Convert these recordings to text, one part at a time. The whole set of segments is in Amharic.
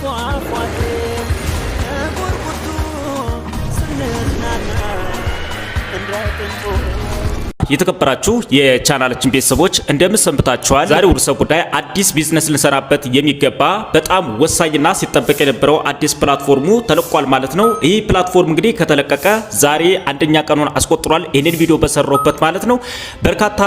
የተከበራችሁ የቻናላችን ቤተሰቦች እንደምን ሰንብታችኋል? ዛሬው ርዕሰ ጉዳይ አዲስ ቢዝነስ ልንሰራበት የሚገባ በጣም ወሳኝና ሲጠበቅ የነበረው አዲስ ፕላትፎርሙ ተለቋል ማለት ነው። ይህ ፕላትፎርም እንግዲህ ከተለቀቀ ዛሬ አንደኛ ቀኑን አስቆጥሯል። ይህንን ቪዲዮ በሰራሁበት ማለት ነው በርካታ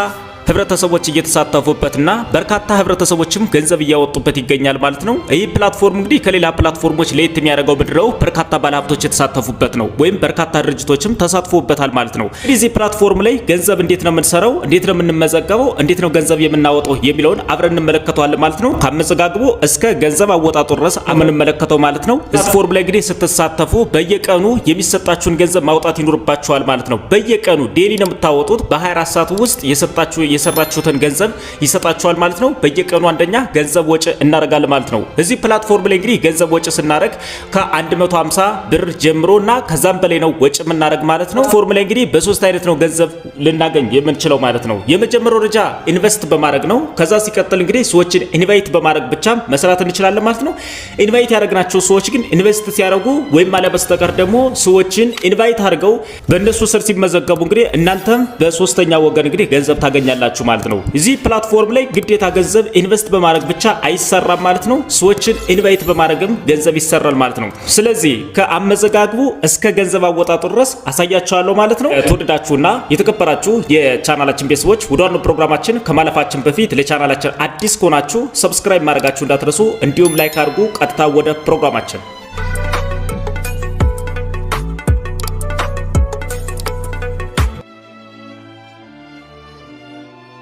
ህብረተሰቦች እየተሳተፉበትና በርካታ ህብረተሰቦችም ገንዘብ እያወጡበት ይገኛል ማለት ነው። ይህ ፕላትፎርም እንግዲህ ከሌላ ፕላትፎርሞች ለየት የሚያደርገው ብድረው በርካታ ባለሀብቶች የተሳተፉበት ነው፣ ወይም በርካታ ድርጅቶችም ተሳትፎበታል ማለት ነው። እንግዲህ እዚህ ፕላትፎርም ላይ ገንዘብ እንዴት ነው የምንሰራው፣ እንዴት ነው የምንመዘገበው፣ እንዴት ነው ገንዘብ የምናወጣው የሚለውን አብረን እንመለከተዋለን ማለት ነው። ከአመዘጋግቦ እስከ ገንዘብ አወጣጡ ድረስ የምንመለከተው ማለት ነው። እዚህ ፎርም ላይ እንግዲህ ስትሳተፉ በየቀኑ የሚሰጣችሁን ገንዘብ ማውጣት ይኖርባችኋል ማለት ነው። በየቀኑ ዴሊ ነው የምታወጡት በ24 ሰዓት ውስጥ የሰጣችሁ የሰራችሁትን ገንዘብ ይሰጣችኋል ማለት ነው። በየቀኑ አንደኛ ገንዘብ ወጪ እናደርጋለን ማለት ነው። እዚህ ፕላትፎርም ላይ እንግዲህ ገንዘብ ወጪ ስናደርግ ከ150 ብር ጀምሮ እና ከዛም በላይ ነው ወጪ የምናደርግ ማለት ነው። ፎርም ላይ እንግዲህ በሶስት አይነት ነው ገንዘብ ልናገኝ የምንችለው ማለት ነው። የመጀመሪያው ደረጃ ኢንቨስት በማድረግ ነው። ከዛ ሲቀጥል እንግዲህ ሰዎችን ኢንቫይት በማድረግ ብቻ መስራት እንችላለን ማለት ነው። ኢንቫይት ያደረግናቸው ሰዎች ግን ኢንቨስት ሲያደርጉ ወይም አለ በስተቀር ደግሞ ሰዎችን ኢንቫይት አድርገው በእነሱ ስር ሲመዘገቡ እንግዲህ እናንተም በሶስተኛ ወገን እንግዲህ ገንዘብ ታገኛለ ትችላላችሁ ማለት ነው። እዚህ ፕላትፎርም ላይ ግዴታ ገንዘብ ኢንቨስት በማድረግ ብቻ አይሰራም ማለት ነው። ሰዎችን ኢንቫይት በማድረግም ገንዘብ ይሰራል ማለት ነው። ስለዚህ ከአመዘጋግቡ እስከ ገንዘብ አወጣጡ ድረስ አሳያችኋለሁ ማለት ነው። ተወደዳችሁና የተከበራችሁ የቻናላችን ቤተሰቦች ወደ ዋናው ፕሮግራማችን ከማለፋችን በፊት ለቻናላችን አዲስ ከሆናችሁ ሰብስክራይብ ማድረጋችሁ እንዳትረሱ፣ እንዲሁም ላይክ አድርጉ። ቀጥታ ወደ ፕሮግራማችን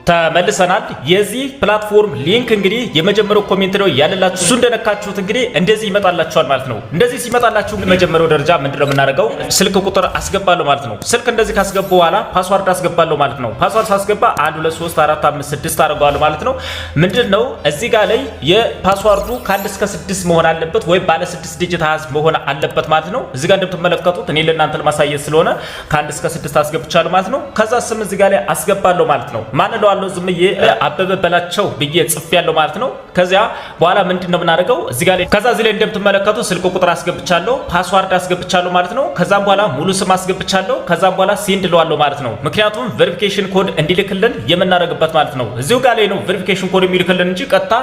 ተመልሰናል። የዚህ ፕላትፎርም ሊንክ እንግዲህ የመጀመሪያው ኮሜንት ነው ያለላችሁ። እሱ እንደነካችሁት እንግዲህ እንደዚህ ይመጣላችኋል ማለት ነው። እንደዚህ ሲመጣላችሁ መጀመሪያው ደረጃ ምንድነው የምናደርገው? ስልክ ቁጥር አስገባለሁ ማለት ነው። ስልክ እንደዚህ ካስገባ በኋላ ፓስዋርድ አስገባለሁ ማለት ነው። ፓስዋርድ ሳስገባ 1 2 3 4 5 6 አደርገዋለሁ ማለት ነው። ነው እዚህ ጋር ላይ የፓስዋርዱ ከአንድ እስከ ስድስት መሆን አለበት ወይም ባለ ስድስት ዲጂት አሃዝ መሆን አለበት ማለት ነው። እዚህ ጋር እንደምትመለከቱት እኔ ለእናንተ ለማሳየት ስለሆነ ከአንድ እስከ ስድስት አስገብቻለሁ ማለት ነው። ከዛ ስም እዚህ ጋር ላይ አስገባለሁ ማለት ነው። ማን ነው እለዋለሁ ዝም ብዬ አበበ በላቸው ብዬ ጽፍ ያለው ማለት ነው። ከዚያ በኋላ ምንድን ነው የምናደርገው እዚህ ጋር ከዛ እዚህ ላይ እንደምትመለከቱ ስልክ ቁጥር አስገብቻለሁ፣ ፓስዋርድ አስገብቻለሁ ማለት ነው። ከዛም በኋላ ሙሉ ስም አስገብቻለሁ። ከዛም በኋላ ሴንድ እለዋለሁ ማለት ነው። ምክንያቱም ቬሪፊኬሽን ኮድ እንዲልክልን የምናደርግበት ማለት ነው። እዚሁ ጋር ላይ ነው ቬሪፊኬሽን ኮድ የሚልክልን እንጂ ቀጥታ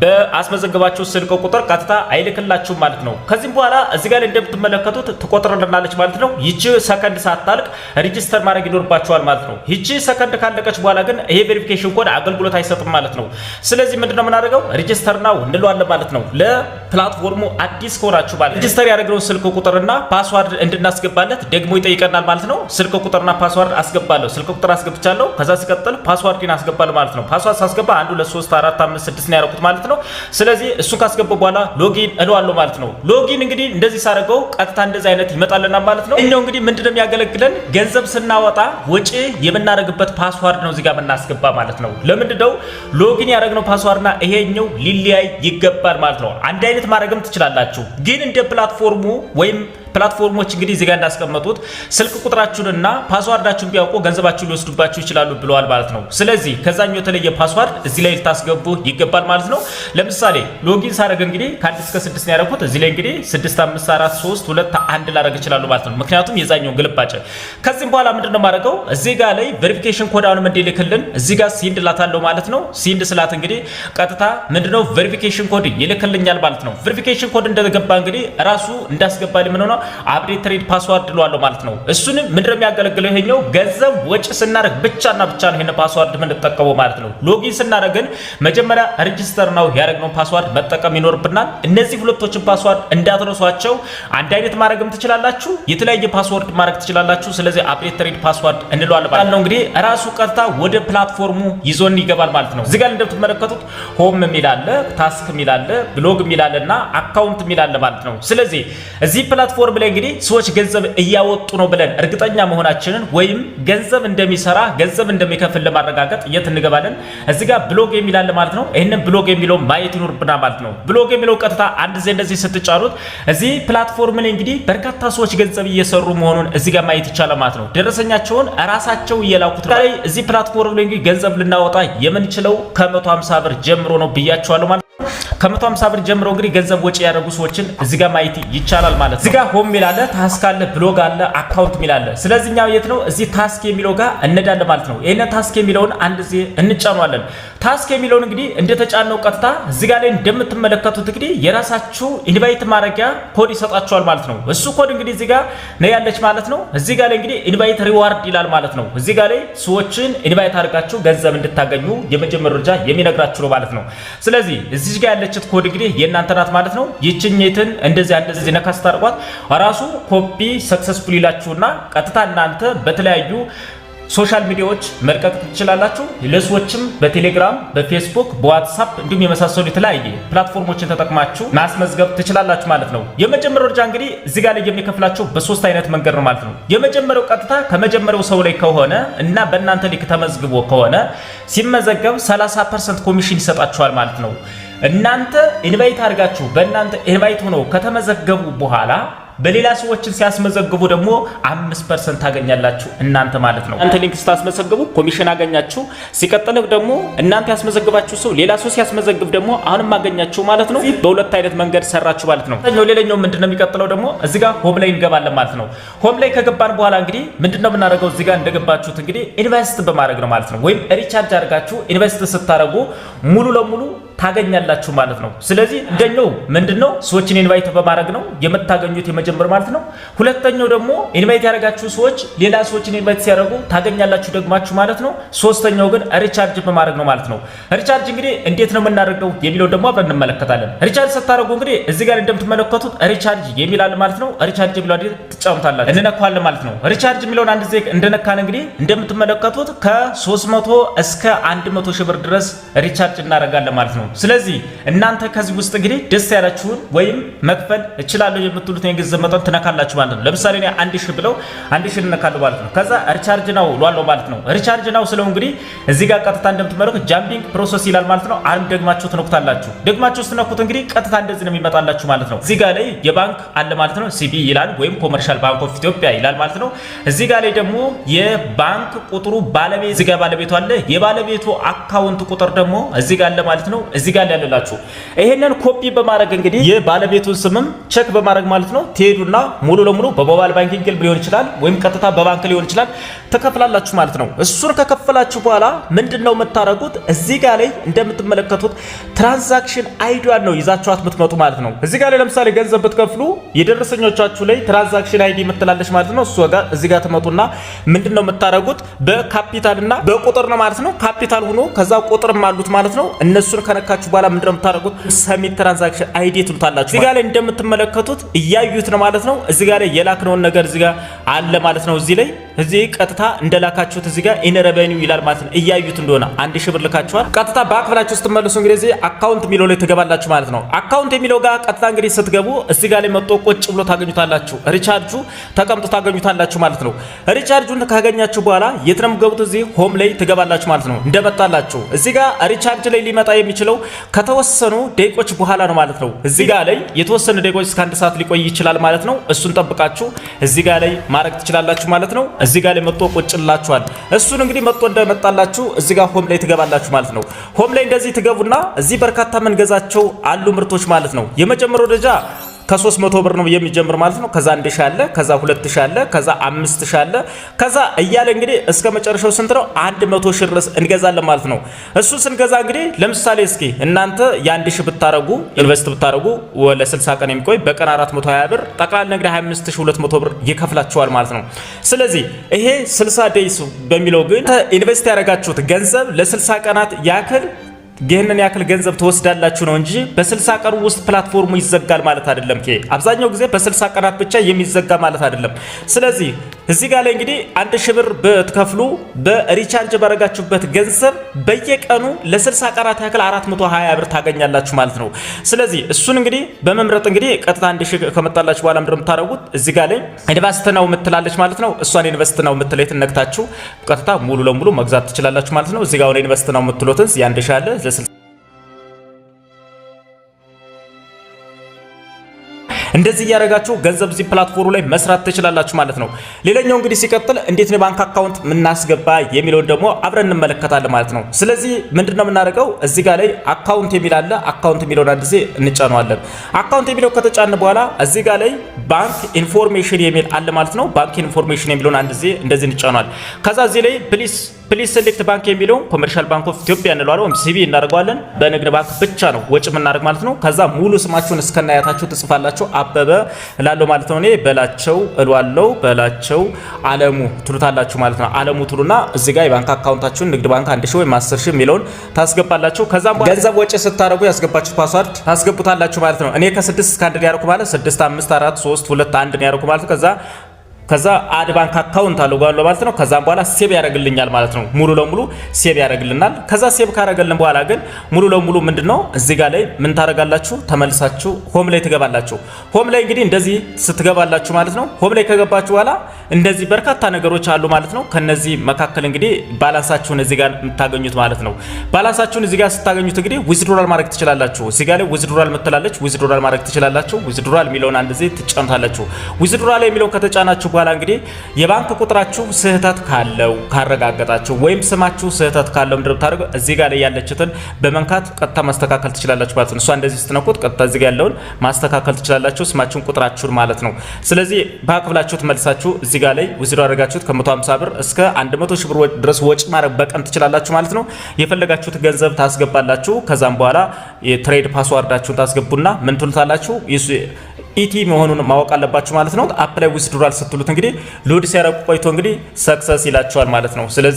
በአስመዘገባችሁ ስልክ ቁጥር ቀጥታ አይልክላችሁም ማለት ነው። ከዚህም በኋላ እዚህ ጋር ላይ እንደምትመለከቱት ትቆጥርልናለች ማለት ነው። ይቺ ሰከንድ ሳታልቅ ሪጅስተር ማድረግ ይኖርባቸዋል ማለት ነው። ይቺ ሰከንድ ካለቀች በኋላ ግን ይሄ የቬሪፊኬሽን ኮድ አገልግሎት አይሰጥም ማለት ነው። ስለዚህ ምንድነው የምናደርገው ሬጅስተር ናው እንለዋለን ማለት ነው። ለፕላትፎርሙ አዲስ ከሆናችሁ ማለት ሬጅስተር ያደረግነው ስልክ ቁጥርና ፓስዋርድ እንድናስገባለት ደግሞ ይጠይቀናል ማለት ነው። ስልክ ቁጥርና ፓስዋርድ አስገባለሁ። ስልክ ቁጥር አስገብቻለሁ። ከዛ ሲቀጥል ፓስዋርድን አስገባለሁ ማለት ነው። ፓስዋርድ ሳስገባ አንዱ ሁለት ሶስት አራት አምስት ስድስት ነው ያደረኩት ማለት ነው። ስለዚህ እሱ ካስገባው በኋላ ሎጊን እለዋለሁ ማለት ነው። ሎጊን እንግዲህ እንደዚህ ሳደርገው ቀጥታ እንደዚህ አይነት ይመጣልና ማለት ነው። እኛው እንግዲህ ምንድነው የሚያገለግለን ገንዘብ ስናወጣ ወጪ የምናደርግበት ፓስዋርድ ነው እዚህ ጋር አስገባ ማለት ነው። ለምንድነው ሎጊን ያደረግነው ፓስዋርድና ይሄኛው ሊለያይ ይገባል ማለት ነው። አንድ አይነት ማድረግም ትችላላችሁ፣ ግን እንደ ፕላትፎርሙ ወይም ፕላትፎርሞች እንግዲህ እዚጋ እንዳስቀመጡት ስልክ ቁጥራችሁንና ፓስዋርዳችሁን ቢያውቁ ገንዘባችሁን ሊወስዱባችሁ ይችላሉ ብለዋል ማለት ነው። ስለዚህ ከዛኛው የተለየ ፓስዋርድ እዚህ ላይ ልታስገቡ ይገባል ማለት ነው። ለምሳሌ ሎጊን ሳደርግ እንግዲህ ከአንድ እስከ ስድስት ነው ያደረኩት። እዚህ ላይ እንግዲህ ስድስት አምስት አራት ሶስት ሁለት አንድ ላደረግ ይችላሉ ማለት ነው። ምክንያቱም የዛኛው ግልባጭ ከዚህም በኋላ ምንድን ነው ማድረገው እዚህ ጋር ላይ ቬሪፊኬሽን ኮዳውንም እንዲልክልን እዚህ ጋር ሲንድ ላታለው ማለት ነው። ሲንድ ስላት እንግዲህ ቀጥታ ምንድነው ቬሪፊኬሽን ኮድ ይልክልኛል ማለት ነው። ቬሪፊኬሽን ኮድ እንደገባ እንግዲህ ራሱ እንዳስገባል ሊምን ሆነ አፕዴት ትሬድ ፓስዋርድ ልዋለሁ ማለት ነው። እሱንም ምንድነው የሚያገለግለው ይሄኛው ገንዘብ ወጪ ስናደርግ ብቻና ብቻ ነው ይሄን ፓስዋርድ የምንጠቀመው ማለት ነው። ሎጊን ስናደርግ መጀመሪያ ሬጅስተር ነው ያደረግነው ፓስዋርድ መጠቀም ይኖርብናል። እነዚህ ሁለቶችን ፓስዋርድ እንዳትረሷቸው። አንድ አይነት ማድረግም ትችላላችሁ፣ የተለያየ ፓስዋርድ ማድረግ ትችላላችሁ። ስለዚህ አፕዴት ትሬድ ፓስዋርድ እንለዋለን ማለት ነው። እንግዲህ ራሱ ቀጥታ ወደ ፕላትፎርሙ ይዞን ይገባል ማለት ነው። እዚህ ጋር እንደምትመለከቱት ሆም የሚል አለ፣ ታስክ የሚል አለ፣ ብሎግ የሚል አለ እና አካውንት የሚል አለ ማለት ነው። ስለዚህ እዚህ ፕላትፎርም ፕላትፎርም ብለ እንግዲህ ሰዎች ገንዘብ እያወጡ ነው ብለን እርግጠኛ መሆናችንን ወይም ገንዘብ እንደሚሰራ ገንዘብ እንደሚከፍል ለማረጋገጥ የት እንገባለን? እዚህ ጋር ብሎግ የሚላል ማለት ነው። ይህንን ብሎግ የሚለው ማየት ይኖርብና ማለት ነው። ብሎግ የሚለው ቀጥታ አንድ ዜ እንደዚህ ስትጫኑት እዚህ ፕላትፎርም ላይ እንግዲህ በርካታ ሰዎች ገንዘብ እየሰሩ መሆኑን እዚህ ጋር ማየት ይቻላል ማለት ነው። ደረሰኛቸውን ራሳቸው እየላኩት ነው። እዚህ ፕላትፎርም ላይ እንግዲህ ገንዘብ ልናወጣ የምንችለው ከ150 ብር ጀምሮ ነው ብያቸዋለሁ ማለት ነው። ከ150 ብር ጀምሮ እንግዲህ ገንዘብ ወጪ ያደረጉ ሰዎችን እዚህ ጋር ማየት ይቻላል ማለት ነው። ኮም ሚላለ ታስክ አለ ብሎግ አለ አካውንት ሚላለ። ስለዚህ እኛ የት ነው እዚህ ታስክ የሚለው ጋር እንዳለ ማለት ነው። ይሄን ታስክ የሚለውን አንድ ጊዜ እንጫኗለን። ታስክ የሚለውን እንግዲህ እንደተጫነው ቀጥታ እዚህ ጋር ላይ እንደምትመለከቱት እንግዲህ የራሳችሁ ኢንቫይት ማድረጊያ ኮድ ይሰጣችኋል ማለት ነው። እሱ ኮድ እንግዲህ እዚህ ጋር ነው ያለች ማለት ነው። እዚህ ጋር ላይ እንግዲህ ኢንቫይት ሪዋርድ ይላል ማለት ነው። እዚህ ጋር ላይ ሰዎችን ኢንቫይት አድርጋችሁ ገንዘብ እንድታገኙ የመጀመር ደረጃ የሚነግራችሁ ነው ማለት ነው። ስለዚህ እዚህ ጋር ያለችት ኮድ እንግዲህ የእናንተ ናት ማለት ነው። ይችኝትን እንደዚህ አንደዚህ ነካስ ታርቋት ራሱ ኮፒ ሰክሰስፉል ይላችሁና ቀጥታ እናንተ በተለያዩ ሶሻል ሚዲያዎች መልቀቅ ትችላላችሁ። ለሰዎችም በቴሌግራም፣ በፌስቡክ፣ በዋትሳፕ እንዲሁም የመሳሰሉ የተለያየ ፕላትፎርሞችን ተጠቅማችሁ ማስመዝገብ ትችላላችሁ ማለት ነው። የመጀመሪያው ደረጃ እንግዲህ እዚህ ጋር ላይ የሚከፍላቸው በሶስት አይነት መንገድ ነው ማለት ነው። የመጀመሪያው ቀጥታ ከመጀመሪያው ሰው ላይ ከሆነ እና በእናንተ ላይ ተመዝግቦ ከሆነ ሲመዘገብ 30 ፐርሰንት ኮሚሽን ይሰጣችኋል ማለት ነው። እናንተ ኢንቫይት አድርጋችሁ በእናንተ ኢንቫይት ሆኖ ከተመዘገቡ በኋላ በሌላ ሰዎችን ሲያስመዘግቡ ደግሞ አምስት ፐርሰንት ታገኛላችሁ እናንተ ማለት ነው። እናንተ ሊንክ ስታስመዘግቡ ኮሚሽን አገኛችሁ። ሲቀጥል ደግሞ እናንተ ያስመዘግባችሁ ሰው ሌላ ሰው ሲያስመዘግብ ደግሞ አሁንም አገኛችሁ ማለት ነው። በሁለት አይነት መንገድ ሰራችሁ ማለት ነው። ሌላኛው ምንድነው የሚቀጥለው ደግሞ እዚህ ጋር ሆም ላይ እንገባለን ማለት ነው። ሆም ላይ ከገባን በኋላ እንግዲህ ምንድነው የምናደርገው እዚህ ጋር እንደገባችሁት እንግዲህ ኢንቨስት በማድረግ ነው ማለት ነው። ወይም ሪቻርጅ አድርጋችሁ ኢንቨስት ስታደርጉ ሙሉ ለሙሉ ታገኛላችሁ ማለት ነው። ስለዚህ አንደኛው ምንድነው ሰዎችን ኢንቫይት በማድረግ ነው የምታገኙት የመጀመር ማለት ነው። ሁለተኛው ደግሞ ኢንቫይት ያደረጋችሁ ሰዎች ሌላ ሰዎችን ኢንቫይት ሲያደርጉ ታገኛላችሁ ደግማችሁ ማለት ነው። ሶስተኛው ግን ሪቻርጅ በማድረግ ነው ማለት ነው። ሪቻርጅ እንግዲህ እንዴት ነው የምናደርገው የሚለው ደግሞ አብረን እንመለከታለን። ሪቻርጅ ስታደርጉ እንግዲህ እዚህ ጋር እንደምትመለከቱት ሪቻርጅ የሚላል ማለት ነው። ሪቻርጅ የሚለው ትጫምታላችሁ እንነካዋለን ማለት ነው። ሪቻርጅ የሚለውን አንድ ዜግ እንደነካን እንግዲህ እንደምትመለከቱት ከ300 እስከ 100 ሺህ ብር ድረስ ሪቻርጅ እናደርጋለን ማለት ነው። ነው። ስለዚህ እናንተ ከዚህ ውስጥ እንግዲህ ደስ ያላችሁን ወይም መክፈል እችላለሁ የምትሉት የገንዘብ መጠን ትነካላችሁ ማለት ነው። ለምሳሌ እኔ አንድ ሺህ ብለው አንድ ሺህ እነካለሁ ማለት ነው። ከዛ ሪቻርጅ ናው ሏለው ማለት ነው። ሪቻርጅ ናው ስለው እንግዲህ እዚህ ጋር ቀጥታ እንደምትመለከቱ ጃምፒንግ ፕሮሰስ ይላል ማለት ነው። አንድ ደግማችሁ ትነኩታላችሁ። ደግማችሁ ስትነኩት እንግዲህ ቀጥታ እንደዚህ ነው የሚመጣላችሁ ማለት ነው። እዚህ ጋር ላይ የባንክ አለ ማለት ነው። ሲቢ ይላል ወይም ኮመርሻል ባንክ ኦፍ ኢትዮጵያ ይላል ማለት ነው። እዚህ ጋር ላይ ደግሞ የባንክ ቁጥሩ ባለቤት እዚህ ጋር ባለቤቱ አለ። የባለቤቱ አካውንት ቁጥር ደግሞ እዚህ ጋር አለ ማለት ነው። እዚህ ጋር እንዳለላችሁ ይሄንን ኮፒ በማድረግ እንግዲህ የባለቤቱን ስምም ቼክ በማድረግ ማለት ነው ትሄዱና ሙሉ ለሙሉ በሞባይል ባንኪንግ ሊሆን ይችላል፣ ወይም ቀጥታ በባንክ ሊሆን ይችላል ተከፍላላችሁ ማለት ነው። እሱን ከከፈላችሁ በኋላ ምንድን ነው የምታደርጉት? እዚህ ጋር ላይ እንደምትመለከቱት ትራንዛክሽን አይዲዋን ነው ይዛችኋት የምትመጡ ማለት ነው። እዚህ ጋር ላይ ለምሳሌ ገንዘብ ብትከፍሉ የደረሰኞቻችሁ ላይ ትራንዛክሽን አይዲ የምትላለች ማለት ነው። እሱ ጋር እዚህ ጋር ትመጡና ምንድን ነው የምታደርጉት? በካፒታልና በቁጥር ነው ማለት ነው። ካፒታል ሆኖ ከዛ ቁጥርም አሉት ማለት ነው። እነሱን ከነካ ከነካችሁ በኋላ ምንድነው የምታደርጉት? ሰሚት ትራንዛክሽን አይዲ ትሉታላችሁ። እዚጋ ላይ እንደምትመለከቱት እያዩት ነው ማለት ነው። እዚጋ ላይ የላክነውን ነገር እዚጋ አለ ማለት ነው። እዚህ ላይ እዚህ ቀጥታ እንደላካችሁት እዚጋ ጋር ይላል ማለት ነው። እያዩት እንደሆነ አንድ ሺህ ብር ልካችኋል። ቀጥታ በአክፍላችሁ ስትመለሱ እንግዲህ እዚህ አካውንት የሚለው ላይ ትገባላችሁ ማለት ነው። አካውንት የሚለው ጋር ቀጥታ እንግዲህ ስትገቡ እዚህ ጋር ላይ መጥቶ ቁጭ ብሎ ታገኙታላችሁ። ሪቻርጁ ተቀምጦ ታገኙታላችሁ ማለት ነው። ሪቻርጁን ካገኛችሁ በኋላ የት ነው የምትገቡት? እዚህ ሆም ላይ ትገባላችሁ ማለት ነው። እንደመጣላችሁ እዚህ ጋር ሪቻርጅ ላይ ሊመጣ የሚችለው ከተወሰኑ ደቂቆች በኋላ ነው ማለት ነው። እዚህ ጋር ላይ የተወሰኑ ደቂቆች እስከ አንድ ሰዓት ሊቆይ ይችላል ማለት ነው። እሱን ጠብቃችሁ እዚህ ጋር ላይ ማድረግ ትችላላችሁ ማለት ነው። እዚህ ጋር ላይ መጥቶ ቁጭላችኋል። እሱን እንግዲህ መጥቶ እንደመጣላችሁ እዚህ ጋር ሆም ላይ ትገባላችሁ ማለት ነው። ሆም ላይ እንደዚህ ትገቡና እዚህ በርካታ መንገዛቸው አሉ ምርቶች ማለት ነው። የመጀመሪያው ደረጃ ከ300 ብር ነው የሚጀምር ማለት ነው። ከዛ 1 ሺህ አለ፣ ከዛ 2 ሺህ አለ፣ ከዛ 5 ሺህ አለ፣ ከዛ እያለ እንግዲህ እስከ መጨረሻው ስንት ነው? 100 ሺህ ድረስ እንገዛለን ማለት ነው። እሱ ስንገዛ እንግዲህ ለምሳሌ እስኪ እናንተ የ1 ብታረጉ ኢንቨስት ብታረጉ ለ60 ቀን የሚቆይ በቀን 420 ብር ጠቅላላ እንግዲህ 25200 ብር ይከፍላችኋል ማለት ነው። ስለዚህ ይሄ 60 ዴይስ በሚለው ግን ኢንቨስት ያደረጋችሁት ገንዘብ ለ60 ቀናት ያክል ይህንን ያክል ገንዘብ ትወስዳላችሁ ነው እንጂ በስልሳ 60 ቀን ውስጥ ፕላትፎርሙ ይዘጋል ማለት አይደለም። አብዛኛው ጊዜ በስልሳ ቀናት ብቻ የሚዘጋ ማለት አይደለም። ስለዚህ እዚህ ጋር ላይ እንግዲህ አንድ ሺህ ብር ብትከፍሉ በሪቻርጅ ባረጋችሁበት ገንዘብ በየቀኑ ለስልሳ ቀናት ያክል 420 ብር ታገኛላችሁ ማለት ነው። ስለዚህ እሱን እንግዲህ በመምረጥ እንግዲህ ቀጥታ አንድ ሺህ ከመጣላችሁ በኋላ ምድር ነው የምታደርጉት? እዚህ ጋር ላይ ኢንቨስት ነው የምትላለች ማለት ነው። እሷን ኢንቨስት ነው የምትለይትን ነግታችሁ ቀጥታ ሙሉ ለሙሉ መግዛት ትችላላችሁ ማለት ነው። እዚህ ጋር ኢንቨስት ነው የምትሉትን ያንድ ሺህ አለ እንደዚህ እያደረጋችሁ ገንዘብ እዚህ ፕላትፎርም ላይ መስራት ትችላላችሁ ማለት ነው። ሌላኛው እንግዲህ ሲቀጥል እንዴት ነው ባንክ አካውንት የምናስገባ የሚለውን ደግሞ አብረን እንመለከታለን ማለት ነው። ስለዚህ ምንድነው የምናደርገው እዚህ ጋር ላይ አካውንት የሚል አለ። አካውንት የሚለውን አንድ ጊዜ እንጫነዋለን። አካውንት የሚለው ከተጫነ በኋላ እዚህ ጋር ላይ ባንክ ኢንፎርሜሽን የሚል አለ ማለት ነው። ባንክ ኢንፎርሜሽን የሚለውን አንድ ጊዜ እንደዚህ እንጫነዋል። ከዛ እዚህ ላይ ፕሊስ ፕሊስ ሴሌክት ባንክ የሚለው ኮመርሻል ባንክ ኦፍ ኢትዮጵያ እንለዋለን ወይም ሲቢ እናደርገዋለን። በንግድ ባንክ ብቻ ነው ወጭ የምናደርግ ማለት ነው። ከዛ ሙሉ ስማችሁን እስከናያታችሁ ትጽፋላችሁ። አበበ እላለሁ ማለት ነው። እኔ በላቸው እሏለው፣ በላቸው አለሙ ትሉታላችሁ ማለት ነው። አለሙ ትሉና እዚህ ጋር የባንክ አካውንታችሁን ንግድ ባንክ አንድ 1000 ወይም አስር 10000 የሚለውን ታስገባላችሁ። ከዛም ገንዘብ ወጭ ስታደርጉ ያስገባችሁት ፓስዋርድ ታስገቡታላችሁ ማለት ነው። እኔ ከስድስት እስከ አንድ ያደርኩ ማለት ስድስት አምስት አራት ሶስት ሁለት አንድ ያደርኩ ማለት ከዛ ከዛ አድ ባንክ አካውንት አለው ማለት ነው። ከዛም በኋላ ሴብ ያደርግልኛል ማለት ነው። ሙሉ ለሙሉ ሴብ ያደርግልናል። ከዛ ሴብ ካደረገልን በኋላ ግን ሙሉ ለሙሉ ምንድነው እዚህ ጋር ላይ ምን ታደርጋላችሁ? ተመልሳችሁ ሆም ላይ ትገባላችሁ። ሆም ላይ እንግዲህ እንደዚህ ስትገባላችሁ ማለት ነው። ሆም ላይ ከገባችሁ በኋላ እንደዚህ በርካታ ነገሮች አሉ ማለት ነው። ከነዚህ መካከል እንግዲህ ባላንሳችሁን እዚህ ጋር የምታገኙት ማለት ነው። ባላንሳችሁን እዚህ ጋር ስታገኙት እንግዲህ ዊዝድሮል ማድረግ ትችላላችሁ። እዚህ ጋር ላይ ዊዝድሮል ምትላለች። ዊዝድሮል ማድረግ ትችላላችሁ። ዊዝድሮል የሚለውን አንድ ጊዜ ትጫኑታላችሁ። ዊዝድሮል የሚለውን ከተጫናችሁ በኋላ እንግዲህ የባንክ ቁጥራችሁ ስህተት ካለው ካረጋገጣችሁ ወይም ስማችሁ ስህተት ካለው ምድር ብታደርገ እዚህ ጋር ላይ ያለችትን በመንካት ቀጥታ ማስተካከል ትችላላችሁ ማለት ነው። እሷ እንደዚህ ስትነኩት ቀጥታ እዚህ ጋር ያለውን ማስተካከል ትችላላችሁ፣ ስማችሁን ቁጥራችሁን ማለት ነው። ስለዚህ ባንክ ብላችሁት መልሳችሁ እዚህ ጋር ላይ ውዝዶ አድርጋችሁት ከ150 ብር እስከ 100 ሺህ ብር ድረስ ወጪ ማድረግ በቀን ትችላላችሁ ማለት ነው። የፈለጋችሁት ገንዘብ ታስገባላችሁ። ከዛም በኋላ የትሬድ ፓስዋርዳችሁን ታስገቡና ምን ትሉታላችሁ ኢቲ መሆኑን ማወቅ አለባችሁ ማለት ነው። አፕላይ ዊዝድራል ስትሉት እንግዲህ ሎድ ሲያረቁ ቆይቶ እንግዲህ ሰክሰስ ይላቸዋል ማለት ነው። ስለዚህ